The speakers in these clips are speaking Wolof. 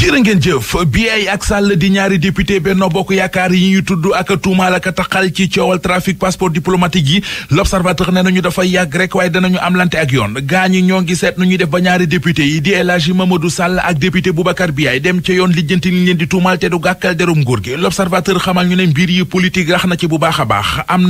jërë ngeen jëf bi ay ak Sall di ñaari député Benno Bokk Yaakaar yi ñu tudd ak tuumaal ak taxal ci coowal trafic passeport diplomatique yi l'observateur ne nañu dafay yàgg rek waaye danañu am lante ak yoon gaañi ñoo ngi seet nu ñuy def ba ñaari député yi di El Hadji Mamadou Sall ak député Boubacar Biaye dem ca yoon lijjanti liñ leen di tuumaal te du gàkkal derum nguur gi l'observateur xamal ñu ne mbir yi politique rax na ci bu baax a baax am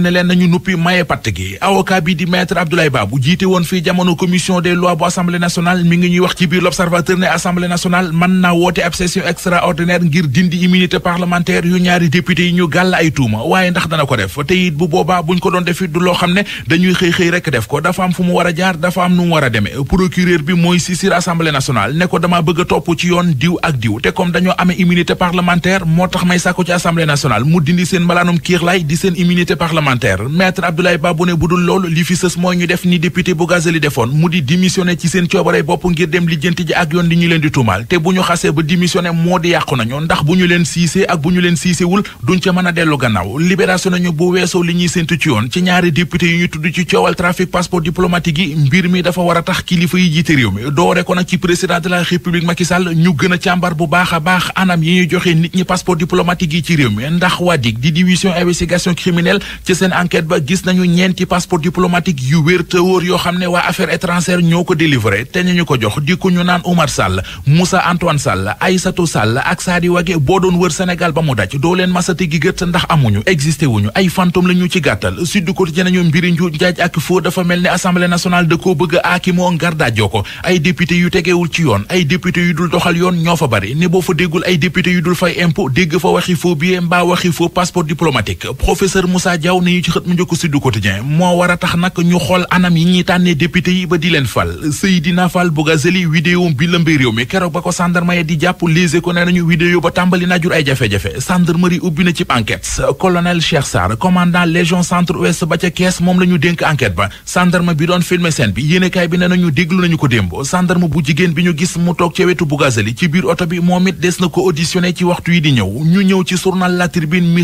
na nañu nuppi maye patt gi avocat bi di maître Abdoulaye Ba jiite woon fii jamono commission des lois bu assemblée nationale mi ngi ñuy wax ci biir l'observateur ne assemblée nationale mën naa woote ab session extraordinaire ngir dindi immunité parlementaire yu ñaari député yi ñu gàll ay tuuma waaye ndax dana ko def te it bu boobaa buñ ko doon def it du loo xam ne dañuy xëy xëy rek def ko dafa am fu mu war a jaar dafa am nu mu war a demee procureur bi mooy saisir assemblée nationale ne ko dama bëgg topp ci yoon diw ak diw te comme dañoo amee immunité parlementaire moo tax may sàkku ci assemblée nationale mu dindi seen malaanum kiir lay di seen immunité parlementaire maire maître Abdoulaye Babou ne bu dul loolu li fi sës mooy ñu def ni député bu Gazeli defoon mu di démissionné ci seen coobare bopp ngir dem lijjanti ji ak yoon li ñu leen di tuumaal te bu ñu xasee ba démissionné moo di yàqu nañu ndax bu ñu leen siisee ak bu ñu leen siisewul duñ ca mën a dellu gannaaw libération nañu bu weesoo li ñuy séntu ci yoon ci ñaari député yu ñu tudd ci coowal trafic passeport diplomatique yi mbir mi dafa war a tax kilifa yi jiite réew mi doore ko nag ci président enquête ba gis nañu ñeenti passeport diplomatique yu wér te wóor yoo xam ne waa affaires étrangères ñoo ko délivré te ñu ko jox di ko ñu naan Oumar Sall Moussa Antoine Sall Aïssatou Sall ak Sadi boo doon wër Sénégal ba mu daj doo leen masati gi gët ndax amuñu existé wuñu ay fantôme la ñu ci gàttal Sud Quotidien nañu mbiri nju njaaj ak foo dafa mel ne assemblée nationale da koo bëgg a aakimoo ngar daajoo ko ay député yu tegewul ci yoon ay député yu dul doxal yoon ñoo fa bari ne boo fa déggul ay xët mu njëkk Sud Quotidien moo war a tax nag ñu xool anam yi ñuy tànnee député yi ba di leen fal Seydina Fall Bougazelli vidéo bi lëmbe réew mi keroog ba ko gendarme ya di jàpp lisé ko ne nañu vidéo ba tàmbali na ay jafe-jafe gendarmerie ubbi na ci enquête colonel Cheikh Sarr commandant centre ouest ba ca Kees moom la dénk enquête ba gendarme bi doon filmer scène bi yéenekaay bi ne nañu déglu nañu ko démb gendarme bu jigéen bi ñu gis mu toog ca wetu Bougazelli ci biir oto di ñu ñëw ci journal La Tribune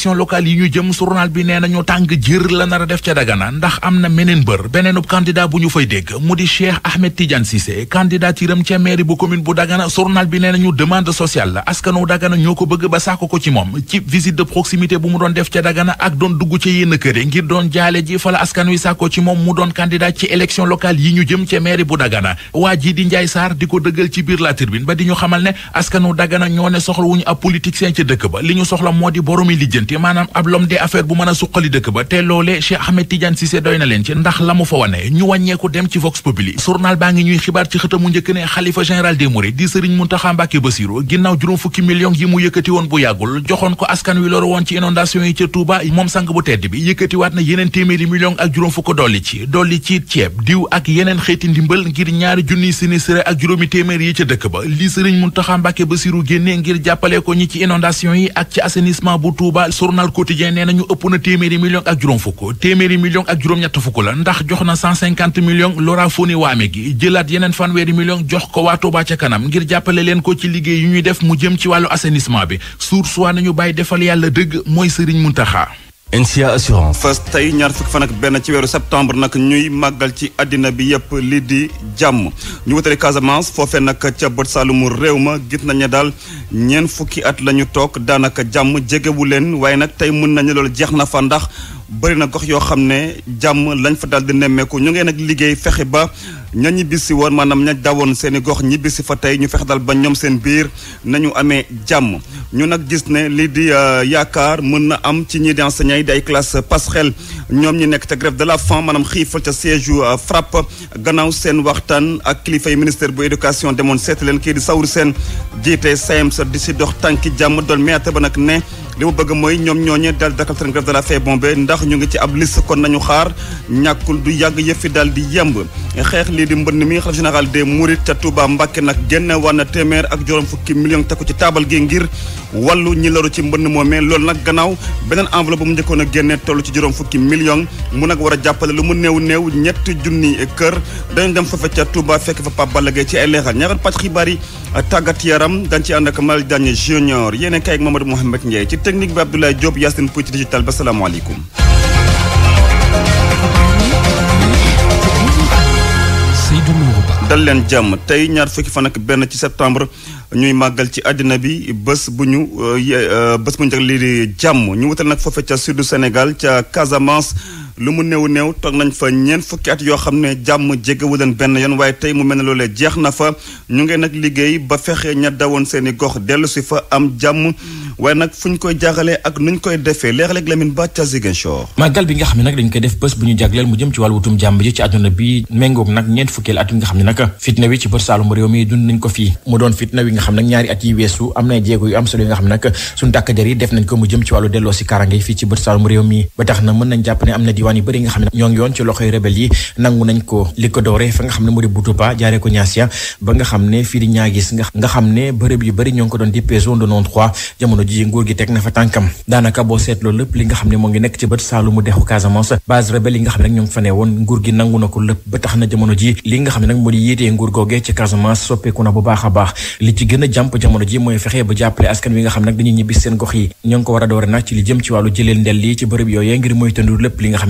élection locale yi ñu jëm journal bi nee nañu tàng jër la nar a def ca Dagana ndax am na meneen bër beneenub candidat bu ñu fay dégg mu di Cheikh Ahmed Tidiane Cissé candidaturam ca mairie bu commune bu Dagana surnal bi nee nañu demande sociale la askanu Dagana ñoo ko bëgg ba sàkk ko ci moom ci visite de proximité bu mu doon def ca Dagana ak doon dugg ci yenn kër yi ngir doon jaale ji fala askan wi sàkk ko ci moom mu doon candidat ci élection locale yi ñu jëm ca mairie bu Dagana waa ji di Ndiaye di ko dëggal ci biir la ba di ñu xamal ne askanu Dagana ñoo ne soxla wuñu ab politicien ca dëkk ba li ñu soxla moo di boroomi lijjanti personnalité maanaam ab l'homme d'affaires bu mën a suqali dëkk ba te loolee Cheikh Ahmed Tidiane Cissé doy na leen ci ndax la mu fa wane ñu wàññeeku dem ci Vox Populi journal baa ngi ñuy xibaar ci xëtamu njëkk ne xalifa général des Mourides di Serigne Mountakha Mbacké Bassirou ginnaaw juróom fukki millions yi mu yëkkati woon bu yàggul joxoon ko askan wi loru woon ci inondation yi ca Touba moom sang bu tedd bi yëkkatiwaat na yeneen téeméeri millions ak juróom fukk dolli ci dolli Sénégal journal quotidien nee nañu ëpp na téeméeri million ak juróom fukk téeméeri million ak juróom-ñett fukk la ndax jox na 150 million Lorafoni waame gi jëlaat yeneen fanweeri million jox ko waa Touba ca kanam ngir jàppale leen ko ci liggéey yu ñuy def mu jëm ci wàllu assainissement bi suur suwaa nañu bàyyi defal yàlla dëgg mooy Sëriñ Muntaxa NCA tey ñaar fukki fan ak benn ci weeru septembre nag ñuy màggal ci àddina bi yëpp lii di jàmm ñu wutale Casamance foofe nag ca bët saalumu réew ma gis nañ ne daal ñeent fukki at la ñu toog daanaka jàmm jegewu leen waaye nag tey mën nañu loolu jeex na fa ndax bëri na gox yoo xam ne jàmm lañ fa daal di nemmeeku ñu ngeen nag liggéey fexe ba. ña ñibbisi woon maanaam ña dawoon seeni gox ñibbisi fa tey ñu fex dal ba ñoom seen biir nañu amee jàmm ñu nag gis ne lii di euh, yaakaar mën na am ci ñii di enseignants yi di ay classe xel ñoom ñi nekk te grève de la faim maanaam xiifal ca siège yu euh, FRAPP gannaaw seen waxtaan ak kilifay ministère bu éducation demoon seeti leen kii di Saourou Sène jiite SAEMS e di si dox tànki jàmm doon meete ba nag ne li mu bëgg mooy ñoom ñooñee daal dakkal seen grève de la faim ndax ñu ngi ci ab liste kon nañu xaar ñàkkul du yàgg yëf fi daal di yemb lii di mbënn mi xalif général des Mourides ca Touba Mbàkke nag génne war na téeméer ak juróom fukki million teg ci taabal gi ngir wallu ñi loru ci mbënn moomee loolu nag gannaaw beneen enveloppe bu mu njëkkoon a génne toll ci juróom fukki million mu nag war a jàppale lu mu néew néew ñetti junni kër dañu dem foofe ca Touba fekk fa Pape Balla Gaye ci ay leexal ñaar pàcc xibaar yi tàggat yaram dañ ci ànd ak Malick Diagne junior yéene kay ak Mamadou Mouhamed Ndiaye ci technique dal leen jàmm tey ñaar fukki fan benn ci septembre ñuy màggal ci àddina bi bés bu ñu euh, euh, bés bu ñu jagleel lii di jàmm ñu wutal nag foofee ca sud Sénégal ca Casamance. lu mu néew néew toog nañ fa ñeent fukki at yoo xam ne jàmm jéggewu leen benn yoon waaye tey mu mel ne loolee jeex na fa ñu ngi nag liggéey ba fexe ña dawoon seen i gox dellu si fa am jàmm waaye nag fu ñu koy jaaxalee ak nu ñu koy defee léeg-léeg Lamine Ba ca Ziguinchor. màggal bi nga xam ne nag dañ fitna wi ci bët saalum réew mi dund nañ ko fii mu doon fitna wi nga xam nag ñaari at yi weesu am na jéego yu am solo yi nga xam ne nag suñu tàkk der def nañ ko mu jëm ci wàllu delloo si karange fii ci bët saalum réew mi ba tax na mën nañ jàpp am na di diwaan yi nga xam ne nag ñoo ngi fa ne woon nguur gi nangu na ko lépp ba tax na jamono ji li nga xam ne nag moo di yéetee nguur googee ci Casamance soppeeku na bu baax a baax li ci gën a jàmp jamono ji mooy fexe ba jàppale askan wi nga xam ne nag dañuy ñibbi seen gox yi ñoo ngi ko war a doore nag ci li jëm ci wàllu jëleel ndel li ci bërëb yooyee ngir moytandu lépp li nga xam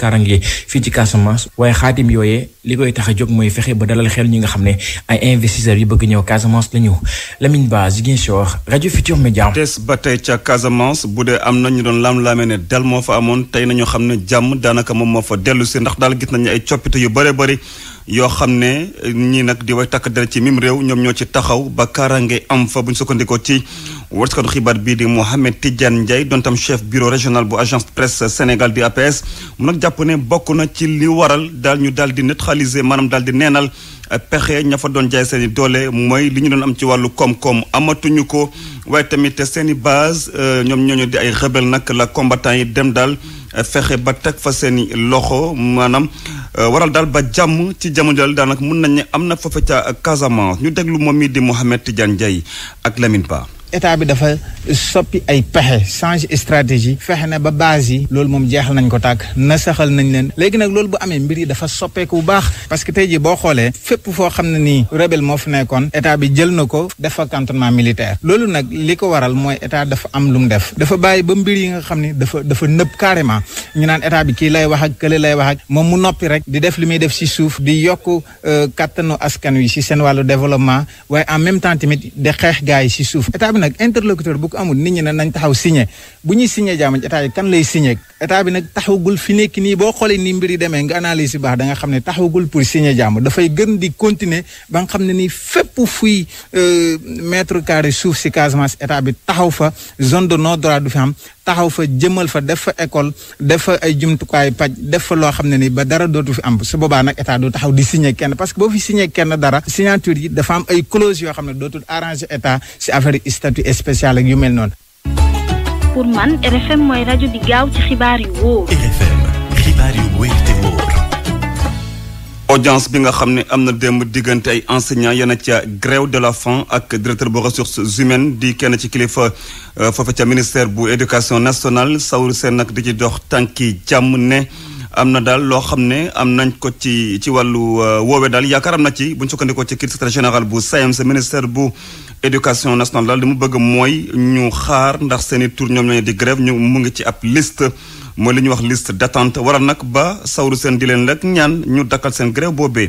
karange fii ci Casamance waaye xaatim yooyee li koy tax a jóg mooy fexe ba dalal xel ñi nga xam ne ay investisseurs yu bëgg ñëw Casamance la ñu Lamine Ba Ziguinchor rajo Futur Média. des ba tey ca Casamance bu dee am na ñu doon lam-laamee ne dal moo fa amoon tey nañu xam ne jàmm daanaka moom moo fa dellu si ndax daal gis nañu ay coppite yu bare bari yoo xam ne ñii nag di way takk dara ci mim réew ñoom ñoo ci taxaw ba kaaraange am fa bu ci war ci wërskatu xibaar bii di Mouhamed Tidiane Ndiaye doon tam chef bureau régional bu agence presse Sénégal di APS mu nag jàpp ne bokk na ci li waral daal ñu daal di neutraliser maanam daal di neenal pexe ña fa doon jaay seen i doole mooy li ñu doon am ci wàllu koom-koom amatuñu ko waaye tamit seen i base euh, ñoom ñooñu di ay rebelle nag la combattant yi dem daal fexe ba teg fa seeni loxo maanaam euh, waral daal ba jàmm ci jamono daal daanaka mun nañ ne am na foofe ca Casamance ñu déglu moom mii di Mouhamed Tidiane Ndiaye ak Lamine Ba. état bi dafa soppi ay pexe change stratégie fexe na ba base yi loolu moom jeexal nañ ko tàkk na saxal nañ leen léegi nag loolu bu amee mbir yi dafa soppeeku bu baax parce que tey jii boo xoolee fépp foo xam ne nii rebelle moo fi nekkoon état bi jël na ko defa fa cantonnement militaire loolu nag li ko waral mooy état dafa am lu mu def dafa bàyyi ba mbir yi nga xam ne dafa dafa nëb carrément ñu naan état bi kii lay wax ak kële lay wax ak moom mu noppi rek di def li muy def si suuf di yokk euh, kattanu askan wi si seen wàllu développement waaye en même temps tamit di xeex gars yi si suuf état nag interlocuteur bu ko amul nit ñi ne nañ taxaw signé bu ñuy signé jaam état bi kan lay signé état bi nag taxawagul fi nekk nii boo xoolee ni mbir yi demee nga analyse yi baax da nga xam ne taxawagul pour signé jaam dafay gën di continuer ba nga xam ne nii fépp fuy euh, mètre carré suuf si Casamance état bi taxaw fa zone de non droit fi am taxaw fa jëmal fa def fa école def fa ay jumtukaay paj def fa loo xam ne ni ba dara dootu fi am su boobaa nag état du taxaw di signé kenn parce que boo fi signé kenn dara signature yi dafa am ay clause yoo xam ne dootul arrangé état si affaire statut spécial ak yu mel noonu. pour man RFM mooy rajo bi gaaw ci xibaar yu wóor. audience bi nga xam ne am na démb diggante ay enseignants yena ca grève de la faim ak directeur bu ressources humaines di kenn ci kilifa euh, foofe ca ministère bu éducation nationale sawru seen nag di ci dox tànki jàmm ne am na daal loo xam ne am nañ ko ci ci wàllu euh, woowe daal yaakaar am na ci bu ñu sukkandikoo ci kii général bu SAEMS ministère bu éducation nationale daal li mu bëgg mooy ñu xaar ndax seen i tur ñoom ñoo di grève mu ngi ci ab liste mooy li ñuy wax liste d'attente waral nag ba Saourou seen di leen rek ñaan ñu dakkal seen grève boobee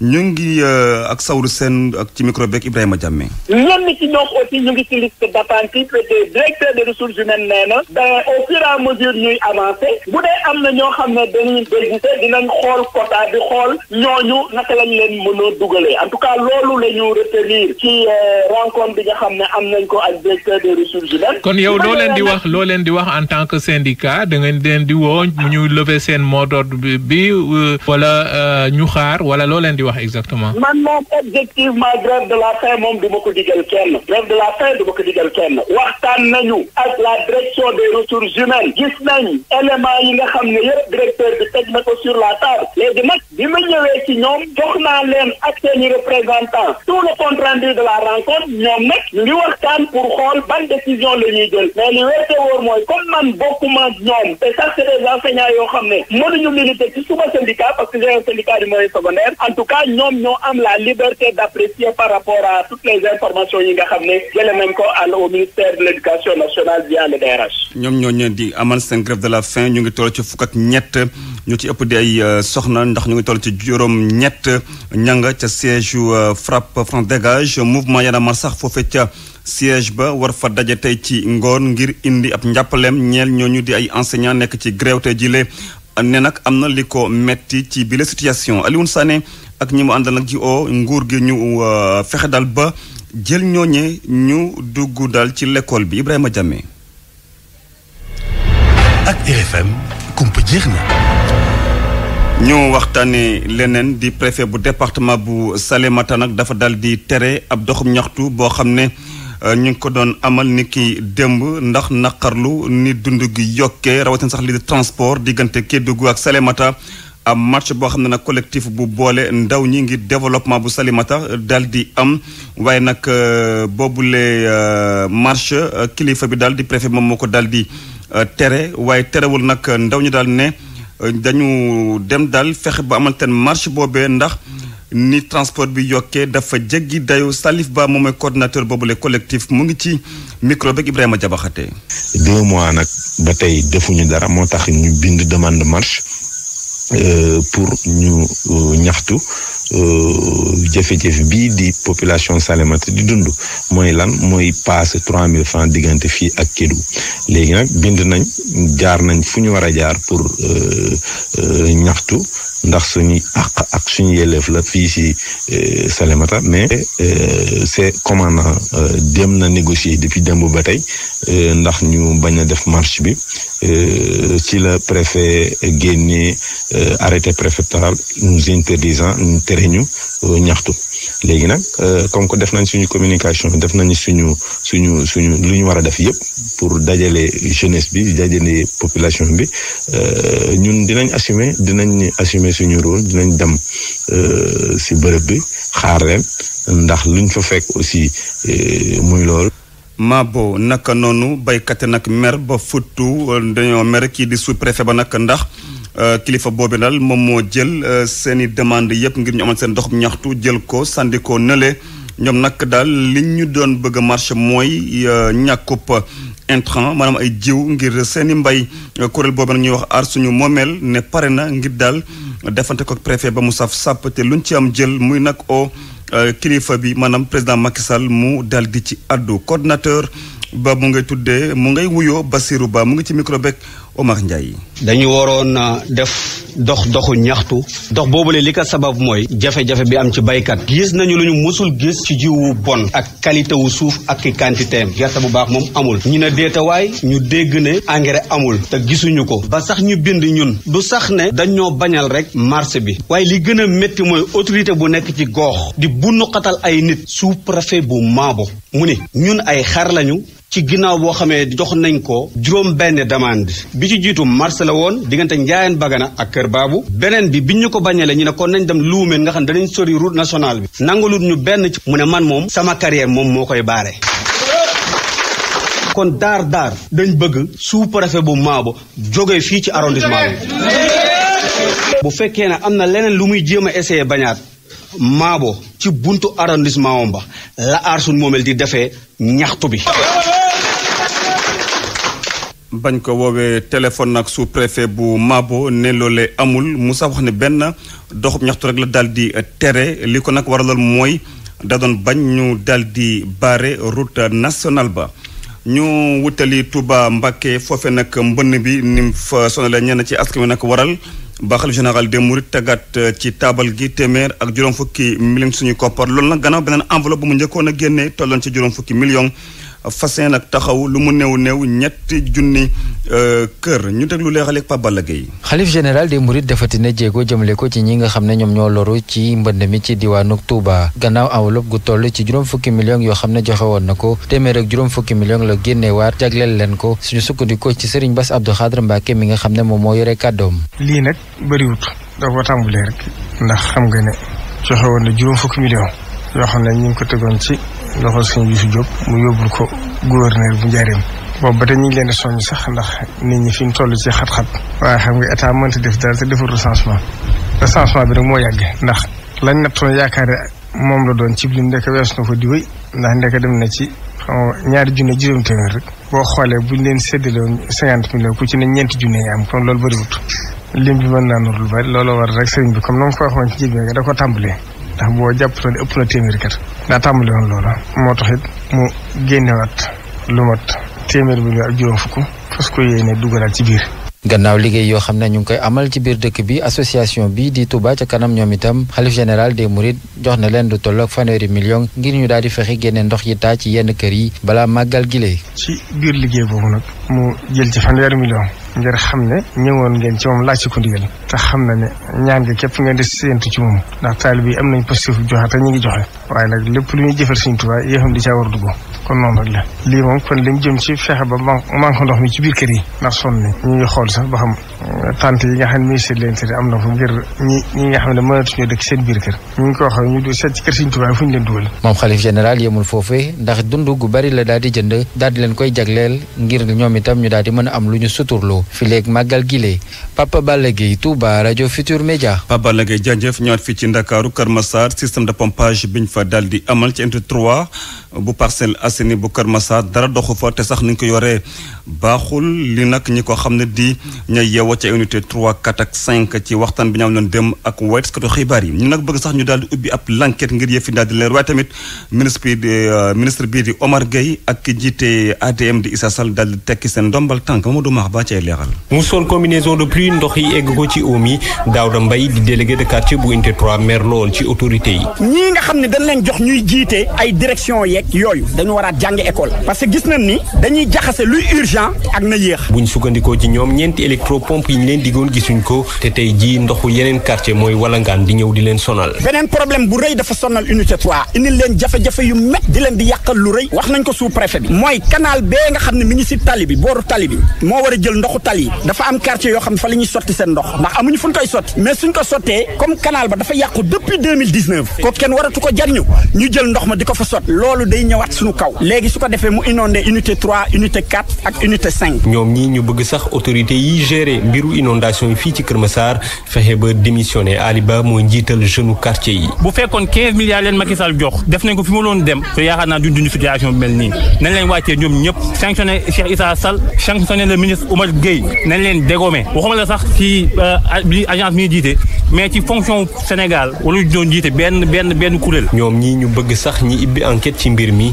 ñu ngi euh, ak Saourou Sène ak ci micro beeg Ibrahima Diamé. ñenn ci ñoom aussi ñu ngi ci liste d'attente yi le directeur des ressources humaines nee na. au ñuy avancer. bu dee am na ñoo xam ne dañuy dégisé dinañ xool quota bi xool ñooñu naka lañ leen mën a dugalee en tout cas loolu la ñu retenir ci euh, rencontre bi nga xam ne am nañ ko ak directeur des ressources humaines. kon yow loo leen di wax loo leen di woo mu ñu seen mot bi euh, wala euh, ñu xaar wala loo leen di wax exactement. man de la faim moom du ma ko digal kenn. grève de la faim du ma ko digal kenn. waxtaan nañu la direction des ressources humaines. gis nañ éléments yi nga xam ne yëpp directeur bi teg sur la table. léegi nag bi ma ñëwee ci ñoom jox naa leen ak seen i tout le compte de la rencontre ñoom nag ñu ngi waxtaan pour xool ban décision la ñuy jël mais li wér te wóor ça c'est des enseignants yoo xam ne mënuñu militer ci suma syndicat parce que j'ai un syndicat du moyen secondaire en tout cas ñoom ñoo am la liberté d'apprécier par rapport à toutes les informations yi nga xam ne jëlee nañ ko au ministère de l'éducation nationale via le DRH. ñoom ñoo ñëw di aman seen grève de la faim ñu ngi toll ci fukk ñett ñoo ci ëpp di ay euh, soxna ndax ñu ngi toll ci juróom-ñett ñanga ca siège yu euh, FRAPP France Dégage mouvement Y sax foofee siège ba war fa daje tey ci ngoon ngir indi ab njàppaleem ñeel ñooñu di ay enseignant nekk ci grève te jile ne nag am na li ko metti ci bile situation Alioune Sané ak ñi mu àndal nag ji oo nguur gi ñu euh, fexe daal ba jël ñooñe ñu dugg daal ci lekkool bi Ibrahima Diame ak RFM kumpa jeex ñu waxtaanee leneen di préfet bu département bu Salémata nag dafa dal di tere ab doxum ñaxtu boo xam ne Euh, ñu ngi ko doon amal ni ki dëmb ndax naqarlu ni dund gi yokkee rawatina sax li di transport diggante Kédougou ak Salémata am match boo xam ne nag collectif bu boole ndaw ñi ngir développement bu Salimata daal di am waaye nag euh, boobule euh, marche kilifa bi daal di préfet moom moo ko daal di tere waaye terewul nag ndaw ñi daal ne dañu dem daal fexe ba amal teen marche boobee ndax ni transport bi yokkee dafa jéggi dayu Salif Ba moom mooy coordinateur boobule collectif mu ngi ci micro beeg Ibrahima Jabaxate. deux mois nag ba tey defuñu dara moo tax ñu bind demande marche euh, pour ñu euh, ñaxtu. Euh, jafe-jafe bii di population Salémata di dund mooy lan mooy paase trois mille francs diggante fii ak Kédougou léegi nag bind nañ jaar nañ fu ñu war a jaar pour euh, euh, ñaxtu ndax suñuy àq ak suñu yelleef la fii si euh, Salémata mais euh, c'est commandant euh, dem na négocier depuis démb ba tey ndax ñu bañ a def marche bi ci la préfet génnee arrêté préfectoral nous interdisant ñu tere ñu ñaxtu léegi nag euh, comme que def nañ suñu communication def nañu suñu suñu suñu lu ñu war a def yëpp pour dajale jeunesse bi dajale population bi euh, ñun dinañ assumer dinañ assumer suñu rôle dinañ dem euh, si bërëb bi xaar leen ndax luñ fa fekk aussi muy lool ma boo naka noonu béykat yi nag mer ba futtu dañoo mer kii di sous-préfet ba nag ndax. Euh, kilifa boobu daal moom moo jël euh, seen i demande yëpp ngir ñu amal seen dox ñaxtu jël ko sandikoo nële ñoom nag daal li ñu doon bëgg a marché mooy euh, ñàkkub intrant maanaam ay jiw ngir seen i mbay kuréel boobu nag ñuy wax aar suñu moomeel ne pare na ngir daal defante ko préfet ba mu saf sàpp te luñ ci am jël muy nag o kilifa bi maanaam président Macky Sall mu daal di ci àddu coordinateur ba mu ngay tuddee mu ngay wuyoo Basirou Ba mu ngi ci micro Omar Ndiaye. dañu waroon a def dox doxu ñaxtu. dox boobu boobule li ko sabab mooy. jafe-jafe bi am ci baykat. gis nañu lu ñu mësul gis. ci jiwu bon. ak qualité wu suuf ak i quantité am. gerte bu baax moom amul. ñu ne deetawaay ñu dégg ne. engrais amul. te gisuñu ko. ba sax ñu bind ñun. du sax ne. dañoo bañal rek marché bi. waaye li gën a mooy autorité bu nekk ci goox. di bunnu ay nit. sous préfet bu Maabo mu ni ñun ay xar lañu. ci ginnaaw boo xamee jox nañ ko juróom benn demande bi ci jiitu mars la woon diggante Njaayeen Bagana ak Kër Baabu beneen bi biñ ñu ko bañalee ñu ne kon nañ dem Luumeen nga xam danañ sori route nationale bi nangalut ñu benn ci mu ne man moom sama carrière moom moo koy baare kon daar daar dañ bëgg sous-préfet bu Maabo jógee fii ci arrondissement bi bu fekkee ne am na leneen lu muy jéem a essayer bañaat Maabo ci buntu arrondissement wom ba la aar suñ moomeel di defee ñaxtu bi bañ ko woowee téléphone nag su préfet bu Mabo ne loolee amul Moussa wax ne benn doxub ñaxtu rek la daal di tere li ko nag waraloon mooy dadoon bañ ñu daal di barrer route nationale ba. ñu wutali Touba Mbacké foofe nag mbënn bi ni mu fa sonalee ñenn ci askan wi nag waral ba xalif général mu Mourides taggat ci taabal gi téeméer ak juróom fukki million suñu koppar loolu nag gannaaw beneen enveloppe bu mu njëkkoon a génnee tolloon ci juróom fukki million. fasin ak taxaw lu mu néew néew ñetti junni euh, kër ñu déglu leexal ak Pape Balla Gueye xalif général des Mourides defati na jéego jëmale ko ci ñi nga xam ne ñoom ñoo loru ci mbënd mi ci diwaanu Touba gannaaw enveloppe gu toll ci juróom fukki millions yoo xam ne joxe woon na ko téeméer ak juróom fukki millions la génneewaat jagleel leen ko suñu sukkandikoo ci Serigne Bass Abdou Khadre Mbacké mi nga xam ne moom moo yore kàddoom lii nag bëriwut dafa tàmbalee rek ndax xam nga ne joxe woon na juróom fukki millions yoo loxol sëñ bi si jóg mu yóbbul ko gouverneur bu njaareem boobu ba tey ñu leen di soññ sax ndax nit ñi fi ñu toll ci xat-xat waaye xam nga état mënta def dara te deful recensement recensement bi rek moo yàgg ndax lañ nattoon yaakaare moom la doon ci lim ndeke weesu na ko di wéy ndax ndeke dem na ci ñaari junne juróom téeméer rek boo xoolee bu ñu leen séddale woon cinquante millions ku ci ne ñeenti junne nga am kon loolu bëriwut lim bi mën naa nur lu bari looloo war rek sëriñ bi comme na nga ndax boo jàpp jàppatoon ëpp na téeméeri kat daa tàmbali woon loola moo tax it mu génnewaat lu mat téeméer bi lu ak juróom fukk fas ko yéene dugalaat ci biir gannaaw liggéey yoo xam ne ñu ngi koy amal ci biir dëkk bi association bi di Touba ca kanam ñoom itam xalif général des Mourides jox na leen lu toll ak fanweeri million ngir ñu daal di fexe génne ndox yi taa ci yenn kër yi balaa màggal gile. ci biir liggéey boobu nag mu jël ci fanweeri million ngir xam ne ñëwoon ngeen ci moom laaj ci ko ndigal te xam na ne ñaan nga képp ngeen di séentu ci moom ndax taalibe yi am nañ positif joxe te ñu ngi joxe waaye nag lépp lu ñuy jëfal suñu Touba yéexam di caa war dugg kon noonu rek la lii moom kon lim jëm ci fexe ba manque ndox mi ci biir kër yi ndax sonn ni ñu ngi xool sax ba xam euh, tante yi nga xam ne ministère de l'Intérieur am na fa nga xam ne mënatuñoo dëkk seen biir kër ñu ngi ko waxee ñu du seet ci kër Sëriñ Tuubaa fu ñu leen daal di jënd daal di leen koy jagleel ngir ñoom itam ñu daal di mën a am lu ñu suturloo fi léeg màggal gile Papa Balla Gueye Touba rajo Futur Média Papa Balla Gueye jaajëf ñëwaat fii ci Ndakaaru Kër Massar système de pompage biñ fa daal di amal ci entre 3 bu Parcelles Assainies bu Kër Massar dara doxu fa te sax ni ñu ko yoree baaxul li nag ñi ko xam ne di ña yeewoo ca unité 3 4 ak 5 ci waxtaan bi ñu am doon dem ak waytaskatu xibaar yi ñu nag bëgg sax ñu daal di ubbi ab l'enquête ngir yëf yi daal di leer waaye tamit ministre bi euh, ministre bii di Omar Gueye ak ki jiite ADM di Issa Sall tekki seen ndombal tànk Mamadou Max ba cay leeral. mu sol combinaison de pluie ndox yi egg ko ci oom yi Daouda Mbaye di délégué de quartier bu unité 3 mer lool ci autorité yi. ñii nga xam ne dañ leen jox ñuy jiite ay direction yeeg yooyu dañu war a jàng temps ak na yéex. buñ sukkandikoo ci ñoom ñeenti électropompe yi ñu leen diggoon gisuñ ko te tey jii ndoxu yeneen quartier mooy walangaan di ñëw di leen sonal. beneen problème bu rëy dafa sonal unité 3 indil leen jafe-jafe yu met di leen di yàqal lu rëy wax nañ ko sous préfet bi mooy canal bee nga xam ne mi ngi si tali bi booru tali bi moo war a jël ndoxu tali yi dafa am quartier yoo xam ne fa la sotti seen ndox ndax amuñu fu ñu koy sotti mais unité 5. ñoom ñii ñu bëgg sax autorité yi gérer mbiru inondation yi fii ci Kër Massar fexe ba démissionné Ali moo mooy njiital jeune quartier yi. bu fekkoon 15 milliards leen Macky Sall jox def nañ ko fi mu loon dem te yaakaar naa duñ dund situation bi mel nii nañ leen ñoom ñëpp sanctionné Cheikh Issa Sall sanctionné le ministre Oumar Gueye nañ leen dégommé waxuma la sax ci euh, bi agence mi jiite mais ci fonction Sénégal wala ñu doon jiite benn benn benn kuréel. ñoom ñii ñu bëgg sax ñi ibbi enquête ci mbir mi.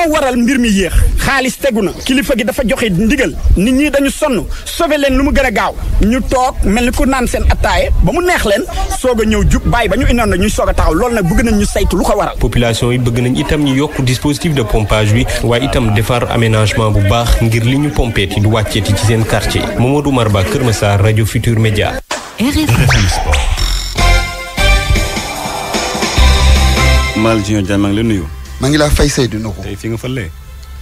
moo waral mbir mi yéex xaalis tegu na kilifa gi dafa joxe ndigal nit ñi dañu sonn sauver leen lu mu gën a gaaw ñu toog mel ni ku naan seen attaaye ba mu neex leen soog a ñëw jub baay ba ñu indoon ñuy soog a taxaw loolu nag bëgg nañ ñu saytu lu ko waral. population yi bëgg nañ itam ñu yokk dispositif de pompage bi waaye itam defar aménagement bu baax ngir li ñu pompeeti du wàcceeti ci seen quartier Mamadou Mar Ba Kër Massar rajo Futur Média. Mal Dieng Diagne maa ngi lay nuyu. maa ngi laa fay Seydou Nogo. tey fi nga fële.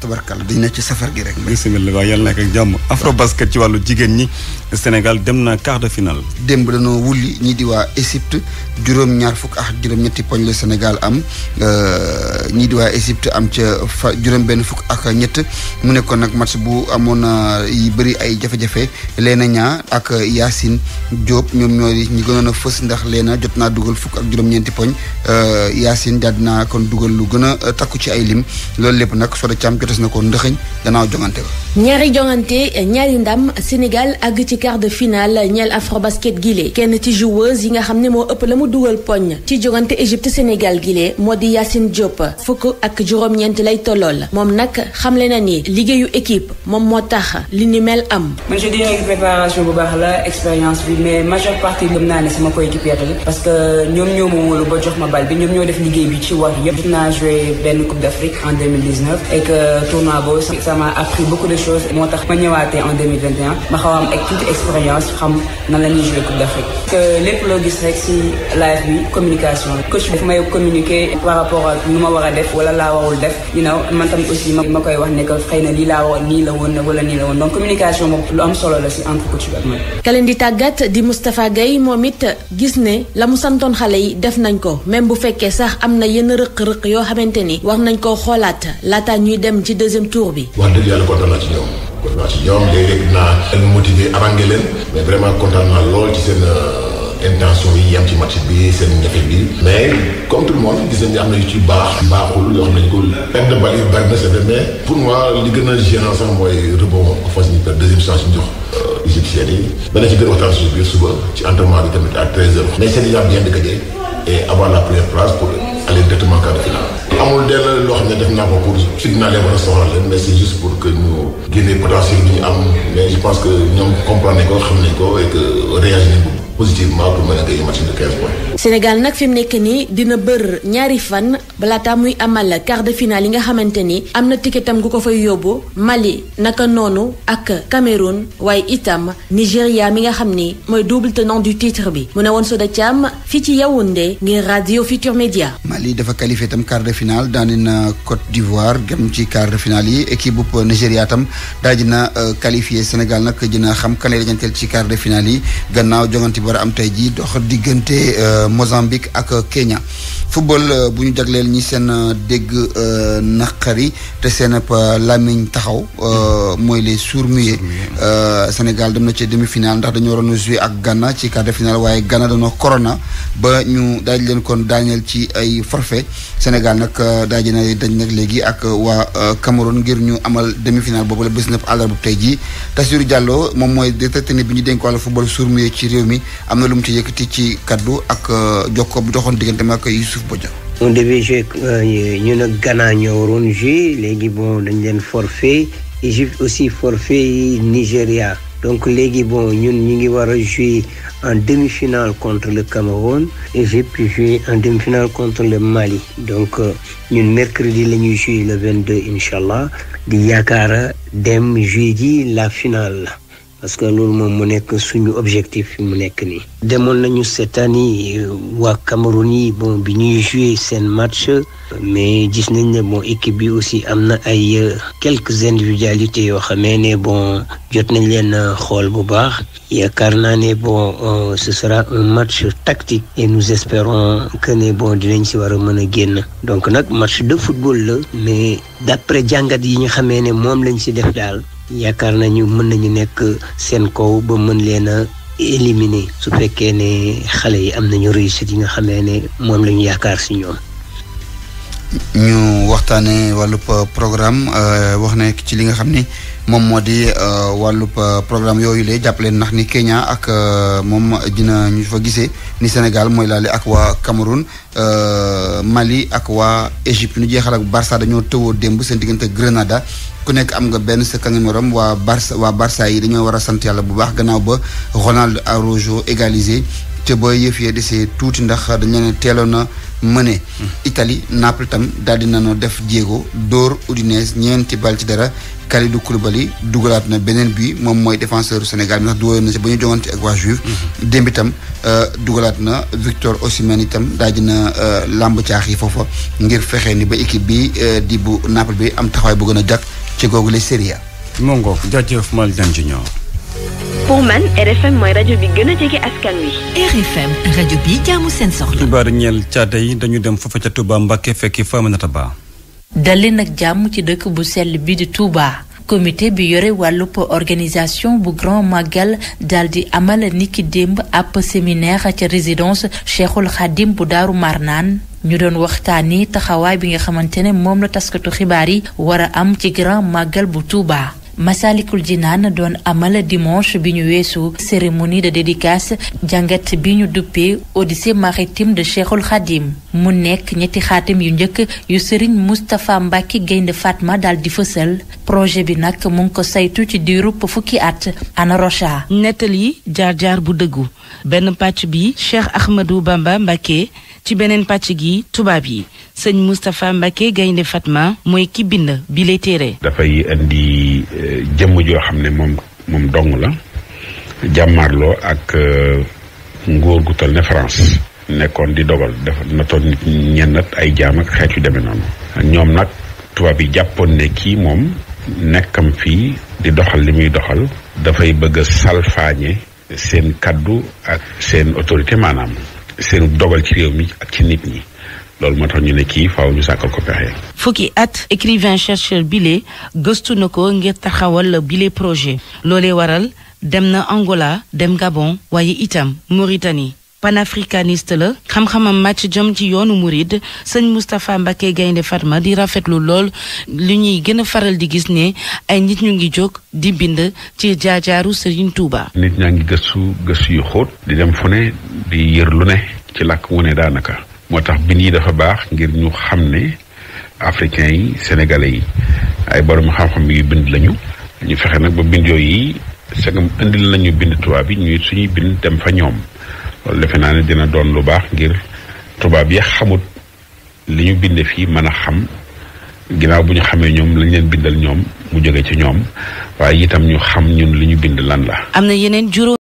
tabarkal dañ na ci safar gi rek. bisimilah waaw yàlla nekk ak jàmm. afro ci wàllu jigéen ñi Sénégal dem na quart de finale. démb dañoo wulli ñii di waa Égypte juróom-ñaar fukk ak juróom poñ la Sénégal am euh, ñii di waa Égypte am ca fa juróom-benn fukk ak ñett mu nekkoon nag match bu amoon euh, yi bëri ay jafe-jafe Leena ak Yacine Diop ñoom ñooy ñi gënoon a fës ndax Leena jot naa dugal fukk ak juróom-ñeenti poñ euh, Yacine daal dinaa kon dugal lu gën a takku ci ay lim loolu lépp nag soo jotees na ko ndëxëñ gannaaw jongante ba. ñaari jongante ñaari ndam Sénégal àgg ci quart de ñel ñeel afrobasket gile kenn ci joueuse yi nga xam ne moo ëpp la mu dugal poñ ci jongante Égypte Sénégal gile moo di Yacine Diop fukk ak juróom-ñeent lay tollool moom nag xamle na ni liggéeyu équipe moom moo tax li ni mel am. man je dirais préparation bu baax la expérience bi mais majeure partie gëm naa ne sama coéquipière parce que ñoom ñoo ma wóolu ba jox ma bal bi ñoom ñoo def liggéey bi ci war yëpp. jot naa joué Euh, tournoi boobu ça m'a appris beaucoup de choses moo tax ma ñëwaatee en 2021 ma xaw ak toute expérience xam nan la ñuy euh, loo gis rek si live communication coach daf may communiquer par rapport ak ma war a def wala laa warul def you know man tam aussi ma koy wax ne que xëy na lii laa war nii la woon wala nii la woon donc communication moom lu am solo la si entre coach ak man ka di tàggat di Moustapha Gueye moom it gis ne la mu santoon xale yi def nañ ko même bu fekkee sax am na yenn rëq-rëq yoo xamante ni wax nañ ko xoolaat laata ñuy dem ci deuxième tour bi. wax dëgg yàlla kontaan naa ci ñoom kontaan naa ci ñoom léeg-léeg naa leen motiver arrangé leen mais vraiment kontaan naa lool ci seen. Euh, intention yam ci match bi seen ñafe bi mais comme tout le monde gis nañ am na yu ci baax baaxul yoo xam nañ ko perte de balle na c'est vrai pour moi li gën a gênant sax mooy rebond offense ñu euh, per deuxième suba ci entraînement bi tamit à 13 mais c'est déjà bien et avoir la première place pour aller directement amul lenn loo xam ne def naa ko pour si dinaa leen war a soxla leen mais c'est juste pour que ñu génne potentiel bi am mais je pense que ñoom comprendre nañ ko xam nañ ko et que réagir nañ positivement pour mën a Sénégal nag fi mu nekk nii dina bër ñaari fan balaataa muy amal quart de finale yi nga xamante ni am na ticketam gu ko fay yóbbu Mali naka noonu ak Cameroun waaye itam Nigéria mi nga xam ni mooy double tenant du titre bi mu ne woon Soda Thiam fii ci Yaoundé ngir radio Futur Média. Mali dafa qualifié itam quart de finale daani na d'Ivoire gem ci quart de finale yi équipe bu Nigéria tam euh, nag dina xam kan lay dajanteel war am tey jii dox diggante euh, Mozambique ak Kenya football euh, bu ñu jagleel ñi seen euh, dégg naqari te seen làmmiñ taxaw mooy les sourds-muets Sénégal dem na ci demi-finale ndax dañoo waroon a ak Ghana ci quart de waaye Ghana dañoo corona ba ñu daaj leen kon daañeel ci ay forfait Sénégal nag daaj na dañ nag léegi ak waa Cameroun ngir ñu amal demi-finale boobu la bés na àllarba tey jii Tassirou Diallo moom mooy directeur technique bi ñu dénk wàllu football sourds ci réew mi am na lu mu ci yëkkati ci kaddu ak euh, jokko bu doxoon digganteem ak Youssouf Bodian. on devait jouer euh, ñun ak Ghana ñoo waroon léegi bon dañ leen forfait Égypte aussi forfait nigeria donc léegi bon ñun ñu ngi war a jouer en demi-finale contre le Cameroun Égypte jouer en demi-finale contre le Mali donc euh, ñun mercredi la ñuy jouer le 22 incha allah di yaakaara dem jouer ji la finale la. parce que loolu moom mu nekk suñu objectif mu nekk nii. demoon nañu seetaan yi euh, waa Cameroun yi bon bi ñuy joué seen match. mais gis nañ ne bon équipe bi aussi am na ay euh, quelques individualités yoo xamee ne bon jot nañ leen euh, xool bu baax. yaakaar naa ne bon ce sera un match tactique. et nous espérons que ne bon dinañ si war a mën a génn. donc nag match de football la. mais d'après jàngat yi ñu xamee ne moom lañ si def daal. yaakaar nañu mën nañu nekk seen kow ba mën leen a éliminer su fekkee ne xale yi am nañu réussite yi nga xamee ne moom la ñu yaakaar si ñoom. ñu waxtaanee wàllub programme euh, wax na ci li nga xam ne. moom moo di euh, wàllub euh, programme yooyu lay jàppale ndax ni Kenya ak euh, moom dina ñu fa gisee ni Sénégal mooy laale ak waa Cameroun Mali ak waa Égypte ñu jeexal ak Barça dañoo tëwoo démb seen diggante Grenada ku nekk am nga benn sa kangamoram waa Barça waa Barça yi dañoo war a sant yàlla bu baax gannaaw ba Ronald Araujo égalisé te ba yëf yee desee tuuti ndax dañoo ne teeloon a mëne hmm. itali napp itam daal di nañoo def jéego dóor Udinese ñeenti bal ci dara Kalidou Koulibaly dugalaat na beneen bi moom mooy défenseur Sénégal bi ndax dugaloon na si ba ñu jongante ak waa Juve. Mhm. démb itam euh, dugalaat na Victor Osimhen itam daaj na euh, làmb caax yi foofa ngir fexe ni ba équipe bi euh, di bu Naples bi am taxawaay bu gën a jàkk ci googu la Serie A. Mongo jaajëf Malick Diagne Junior. pour man RFM mooy rajo bi gën a jege askan wi. RFM rajo bi jaamu seen soxla. xibaar ñeel caate yi dañu dem foofa ca Touba Mbacke fekki Faminata Ba. dali nag jàmm ci dëkk bu sell bi di Touba. comité bi yore wàllub organisation bu grand màggal daal di amal niki démb ab séminaire ca résidence cheikhul xadim bu daaru marnaan ñu doon waxtaani taxawaay bi nga xamante ne moom la taskatu xibaar yi war a am ci grand màggal bu Touba. Massalikul Jinaan doon amal dimonche bi ñu weesu cérémonie de dédicace jàngat bi ñu duppee odyssée maritime de Cheikhul Khadim mu nekk ñetti xaatim yu njëkk yu Serigne Moustapha Mbacke Gaynde Fatma daal di fësal projet bi nag mu ngi ko saytu ci diirub fukki at ana Rocha. nettali jaar jaar bu dëggu benn pàcc bi Cheikh Ahmadou Bamba Mbacke. ci beneen pàcc gi tubaab yi sëñ Moustapha Mbacke Gaynde Fatma mooy ki bind bi téere dafay indi euh, jëmm joo xam ne moom moom dong la jàmmaarloo ak euh, nguur gu toll ne France nekkoon di dogal dafa natoon nit ay jaam ak xeet yu demee noonu ñoom nag tubaab yi jàppoon ne kii moom nekkam fii di doxal li muy doxal dafay bëgg a salfaañe seen kàddu ak seen autorité maanaam seen loolu fukki at écrivain chercheur bile gëstu na ko ngir taxawal bile projet loolee waral dem na Angola dem Gabon waaye itam Mauritanie. panafricaniste la xam-xamam màcc jëm ci yoonu murid sëñ Moustapha Mbacké Gaynde Fatma di rafetlu lool li ñuy gën a faral di gis ne ay nit ñu ngi jóg di bind ci jaajaaru Serigne Touba. nit ñaa ngi gëstu gëstu yu xóot di dem fu ne di yër lu ne ci làkk wu ne daanaka moo tax bind yi dafa baax ngir ñu xam ne africains yi senegale yi ay borom xam-xam yu bind lañu ñu fexe nag ba bind yooyu yi segam indil nañu bind tubaab yi ñuy suñuy bind dem fa ñoom. loolu defe naa ne dina doon lu baax ngir tubaab yi xamut li ñu bind fii mën a xam ginnaaw bu ñu xamee ñoom lañ leen bindal ñoom mu jóge ci ñoom waaye itam ñu xam ñun li ñu bind lan la. am na yeneen juróom